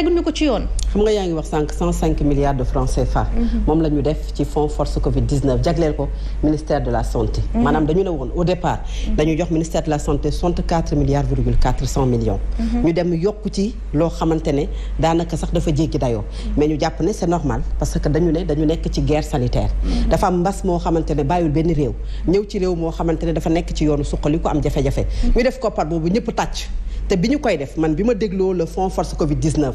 teguñu ko ci yoon. xam nga yaa ngi wax sànq 105 milliards de francs CFA. Mhm. moom la ñu def ci fonds force Covid 19 jagleel ko ministère de la santé. Mhm. maanaam dañu ne woon au départ. Mhm. dañu jox ministère de la santé milliards millions. ñu dem yokku ci loo xamante ne daanaka sax dafa jéggi dayoo. mais ñu jàpp ne c'est normal parce que dañu ne dañu nekk ci guerre sanitaire. dafa am mbas moo xamante ne bàyyiwul benn réew. ñëw ci réew moo xamante ne dafa nekk ci yoonu suqali ko am jafe-jafe. ñu def koppar boobu ñëpp tàcc. te bi ñu koy def man bi ma dégloo le fonds force Covid 19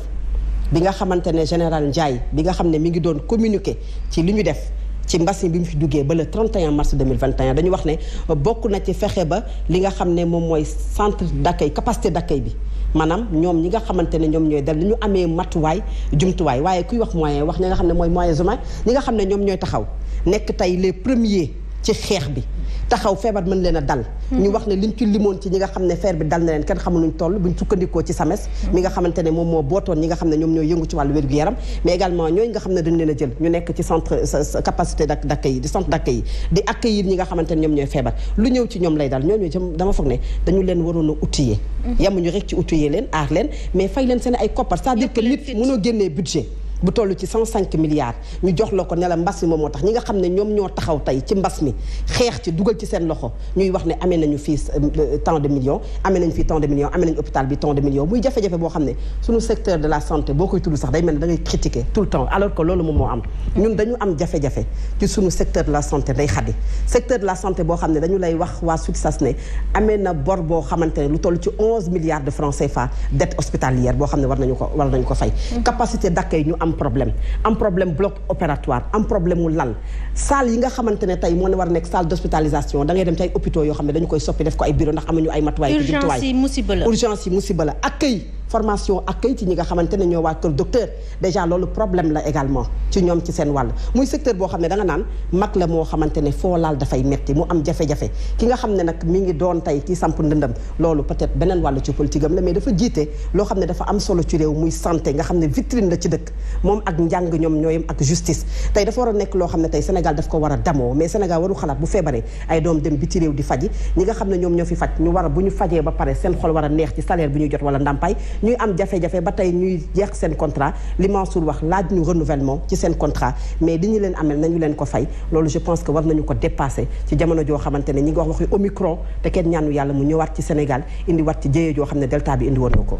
bi nga xamante ne général Ndiaye bi nga xam ne mi ngi doon communiquer ci li ñu def. ci mbas bi mu fi duggee ba le 31 mars 2021 dañu wax ne bokk na ci fexe ba li nga xam ne moom mooy centre d'accueil capacité d'accueil bi maanaam ñoom ñi nga xamante ne ñoom ñooy dal li ñu amee matuwaay jumtuwaay waaye kuy wax moyen wax ñi nga xam ne mooy moyens humains ñi nga xam ne ñoom ñooy taxaw nekk tey les premier ci xeex bi taxaw feebar mën leen a dal ñu wax ne liñ ci limoon ci ñi nga xam ne feer bi dal na leen kenn xamul luñ toll buñ sukkandikoo ci SAMES mi nga xamante ne moom moo bootoon ñi nga xam ne ñoom ñoo yëngu ci wàllu wér gu yaram mais également ñooñu ne dañ leen a ñu nekk ci centre capacité ñi nga xamante ne ñoom ñooy feebar lu ñëw ci ñoom lay dal ñooñu dama foog ne dañu leen waroon a outiller mm-hmm. yamuñu rek ci outiller leen aar leen mais fay leen seen ay koppar cest dire que nit mënoo génnee budget bu toll ci 105 milliards ñu jox la ko ne la mbas mi moom moo tax ñi nga xam ne ñoom ñoo taxaw tey ci mbas mi xeex ci dugal ci seen loxo ñuy wax ne amee nañu fii euh, tant de millions amee nañu fii tant de millions amee nañu hôpital bi tant de millions muy jafe-jafe boo xam ne suñu secteur de la santé boo koy tudd sax day mel ne da ngay critiquer tout le temps alors que loolu moom moo am ñun dañu am jafe-jafe ci suñu secteur de la santé day xadi secteur de la santé boo xam ne dañu lay wax waa SUTSAS ne amee na bor boo xamante ne lu toll ci 11 milliards de francs CFA dette hospitalière ne war nañu ko war nañu ko fay mm-hmm. capacité problème am problème bloc opératoire am problème mu lal salle yi nga xamante ne tey moo ne war nekk salle d'hospitalisation da ngay dem ci ay hôpitaux yoo xam ne dañu koy soppi def ko ay bureau ndax amuñu ay matuwaay. jumtuwaay urgence yi musiba la. accueil formation ak ci ñi nga xamante ne ñoo waa kër docteur déjà loolu problème la également ci ñoom ci seen wàll muy secteur boo xam ne da nga naan mag la moo xamante ne foo laal dafay metti mu am jafe-jafe ki nga xam ne nag mi ngi doon tey ci samp ndëndam loolu peut-être beneen wàll ci politique am la mais dafa jiite loo xam ne dafa am solo ci réew muy santé nga xam ne vitrine la ci dëkk moom ak njàng ñoom ñooyam ak justice tey dafa war a nekk loo xam ne tey Sénégal daf ko war a damoo mais Sénégal waru xalaat bu feebaree ay doom dem bi ci réew di faji ñi nga xam ne ñoo fi faj ñu war a bu ba pare seen xol war a ci salaire bi ñuy jot wala ndàmpaay ñuy am jafe-jafe ba tey ñuy jeex seen contrat li Mansour wax laaj ñu renouvellement ci seen contrat mais li ñu leen amel nañu leen ko fay loolu je pense que war nañu ko dépasser ci jamono joo xamante ne ñi ngi wax waxi omicron te kenn ñaanu yàlla mu ñëwaat ci Sénégal indi wat ci jëye joo xam ne delta bi indi woon ko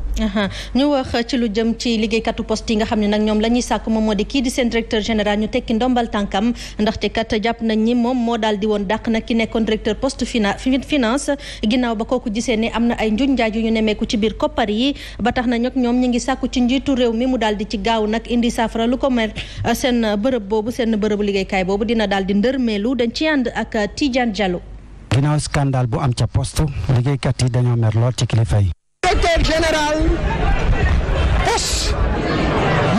ñu wax ci lu jëm ci liggéeykatu post yi nga xam ne nag ñoom la ñuy sàkk moom moo di kii di seen directeur général ñu tekki ndombal tànkam ndaxte kat jàpp nañ ñi moom moo daal di woon dàq nag ki nekkoon directeur poste finance ginnaaw ba kooku gisee ne am na ay njuñ njaaj yu ñu nemeeku ci biir koppar yi ba tax na nag ñoom ñu ngi sàkku ci njiitu réew mi mu daal di ci gaaw nag indi saafara lu ko mer euh, seen bërëb boobu seen bërëbu liggéeykaay boobu dina daal di ndërmeelu dañ ci ànd ak euh, Tidiane Diallo. ginnaaw scandale bu am ca poste liggéeykat yi dañoo mer lool ci kilifa yi. directeur général poste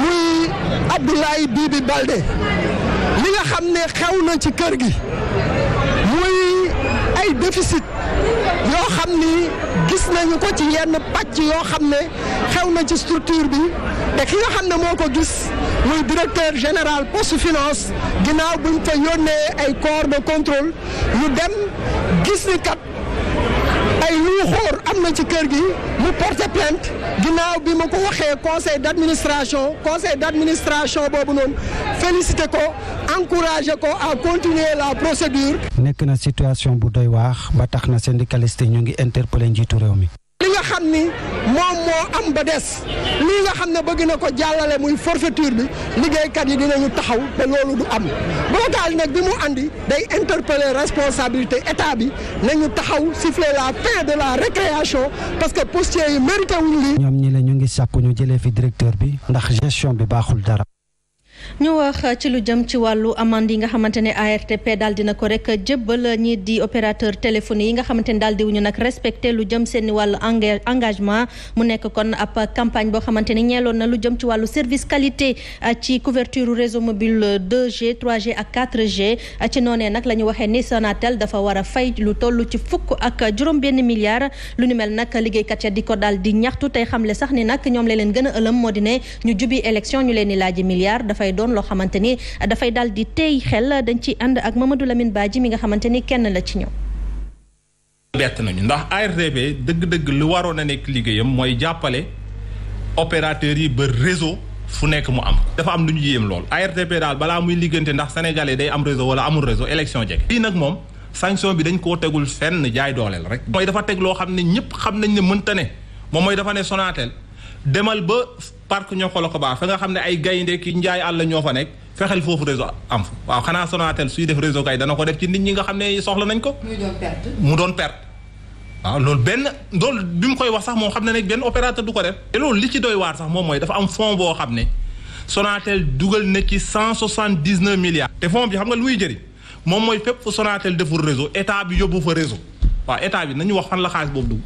muy Abdoulaye Bibi Baldé li nga xam ne xew na ci kër gi muy ay déficit. xam ni gis nañu ko ci yenn pàcc yoo xam ne xew na ci structure bi te ki nga xam ne moo ko gis muy directeur général poste finance ginnaaw buñ fa yónnee ay corps de contrôle ñu dem gis ni kat. ay luuxóor am na ci kër gi mu porté plainte ginnaaw bi ma ko waxee conseil d' administration conseil d' administration boobu noonu félicité ko encouragé ko à continuer la procédure. nekk na situation bu doy waax ba tax na syndicaliste ñu ngi interpellé njiitu réew mi. nga xam ni moom moo am ba des lii nga xam ne bëgg na ko jàllale muy forfeture bi liggéeykat yi dinañu taxaw te loolu du am blocage nag bi mu andi day interpeller responsabilité état bi nañu taxaw siffler la fin de la récréation parce que postiers yi mérité lii. ñoom ñi la ñu ngi sàkku ñu jëlee fi directeur bi ndax gestion bi baaxul dara. ñu wax ci lu jëm ci wàllu amande yi nga xamante ne ARTP daal dina ko rek jëbbal ñii di opérateur téléphone yi nga xamante ne daal di wuñu nag respecté lu jëm seen wàllu engagement mu nekk kon ab campagne boo xamante ne ñeeloon na lu jëm ci wàllu service qualité ah, ci couverture réseau mobile 2G 3G ak 4G ah, ci noonee nag la ñu waxee ni Sonatel dafa war a fay lu toll ci fukk ak juróom benn milliard lu nu mel nag liggéeykat ya di ko daal di ñaxtu tey xamle sax ni nag ñoom la leen gën a moo di ñu jubi élection ñu leen di laaji milliard dafay doon loo xamante ni dafay dal di tey xel dañ ci ànd ak Mamadou Lamine Badji mi nga xamante ni kenn la ci ñëw. nañu ndax ARTP dëgg-dëgg lu waroon a nekk liggéeyam mooy jàppale opérateurs yi ba réseau fu nekk mu am dafa am lu ñu yéem lool ARTP daal balaa muy liggante ndax sénégalais day am réseau wala amul réseau élection jege lii nag moom sanction bi dañ koo tegul fenn jaay dooleel rek mooy dafa teg loo xam ne ñëpp xam nañ ne mënta ne moom mooy dafa ne Sonatel parc ñoo xolo ko baax fa nga xam ne ay gaynde ki njaay àll ñoo fa nekk fexeel foofu réseau am fa waaw xanaa Sonatel suy def réseau kay dana ko def ci nit ñi nga xam ne soxla nañ ko. mu doon perte. waaw loolu benn loolu bi mu koy wax sax moom xam ne ne benn opérateur du ko def. te loolu li ci dooy waar sax moom mooy dafa am fonds boo xam ne Sonatel dugal na ci cent soixante dix neuf milliards. te fonds bi xam nga lu muy jëriñ moom mooy fépp fu Sonatel deful état bi yóbbu fa réseau waaw état bi nañu wax fan la boobu dugg.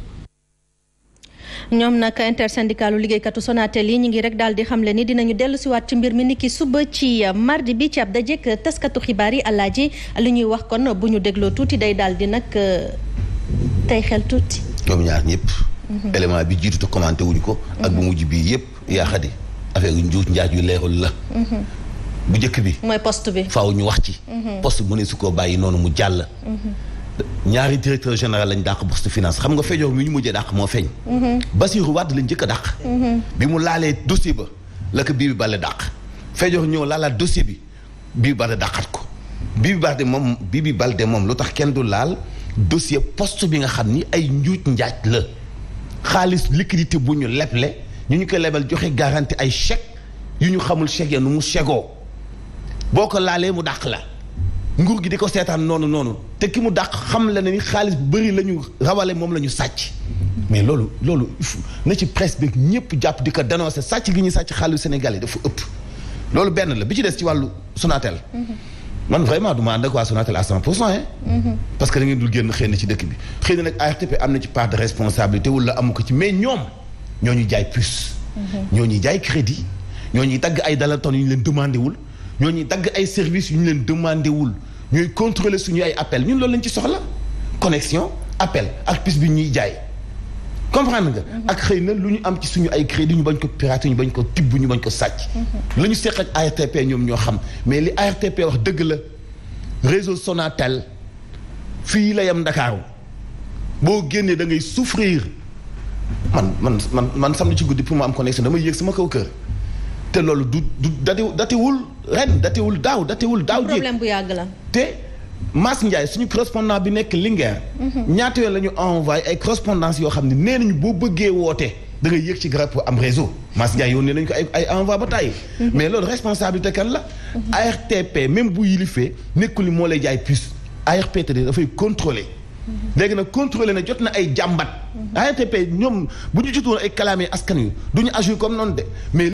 ñoom nag intersyndicalu liggéeykatu Sonatel yi ñu ngi rek daal di xamle ni dinañu dellu siwaat ci mbir mi niki suba ci euh, mardi bi ci ab dajek euh, taskatu xibaar yi ji li ñuy wax kon bu ñu dégloo tuuti day daal di nag euh, tey xel tuuti. ñoom ñaar ñëpp. Mhm. élément bi jiitu te commenté wuñ ko. ak bu mhm. mujj bii yëpp yaa xadi affaire yu njuut njaaj yu leexul la. Mhm. bu njëkk bi. mooy poste bi. faaw ñu wax ci. poste mu ne su koo bàyyi noonu mu jàll. ñaari directeur général lañ dàq bourse finance xam nga feeñoo mi ñu mujjee dàq moo feeñ. Mhm. Bassirou Wade lañ jëkk a dàq. Mhm. bi mu laalee dossier ba la ko Bibi Baldé dàq. feeñoo ñëw laalaat dossier bi Bibi Baldé dàqat ko Bibi Baldé moom Bibi Baldé moom lu tax kenn du laal dossier post bi nga xam ni ay njuuj njaaj la xaalis liquidité bu ñu leble ñu ñu koy lebal joxe garantie ay chèque yu ñu xamul chèque ya nu mu chegoo boo ko laalee mu dàq la. nguur gi di ko seetaan noonu noonu te ki mu dàq xam la ne ni xaalis bu bëri la ñu rawale moom la ñu sàcc mais loolu loolu na ci presse bi ñëpp jàpp di ko dénoncer sàcc gi ñu sàcc xaalisu Sénégal yi dafa ëpp loolu benn la bi ci des ci wàllu Sonatel man vraiment du ma ànd ak waa Sonatel à 100 pour cent parce que da ngeen génn xëy na ci dëkk bi xëy na nag ARTP am na ci part de responsabilité wala amu ko ci mais ñoom ñoo ñu jaay plus ñoo ñu jaay crédit ñoo ñuy dagg ay dalaton yu leen demandé wul ñoo ñuy dagg ay yu ñu leen demandé wul ñuy contrôler suñu ay appel ñun lool lañ ci soxla connexion appel ak puce bi ñuy jaay comprendre nga. Mhm. ak xëy na lu ñu am ci suñu ay crédit ñu bañ ko pirater ñu bañ ko tibb ñu bañ ko sàcc. Mhm. lañu ñu seq ak ARTP ñoom ñoo xam mais li ARTP wax dëgg la réseau Sonatel fii la yam Ndakaaru boo génnee da ngay souffrir man man man man samedi ci guddi pour mu am connexion damay yéeg sama kaw kër. te loolu du du datewul ren datewul daaw datewul daaw. problème bu yàgg la te Mass Ndiaye suñu correspondant bi nekk Linguère. Mhm. ñaata yoon la ñu envoyé ay correspondance yoo xam ne nee nañu boo bëggee woote. da yëg ci garab am réseau Mass Ndiaye yónnee nañu ko ay ay envoi ba taay mhm. mais loolu responsabilité kan la mhm. ARTP même bu yilifee nekkul ni moo lay jaay puce ARTP dafay contrôler léegi nag contrôler na jot na ay jàmbat ARTP ñoom bu ñu jotoon ay kalaamee askan wi du ñu agir comme noonu de mais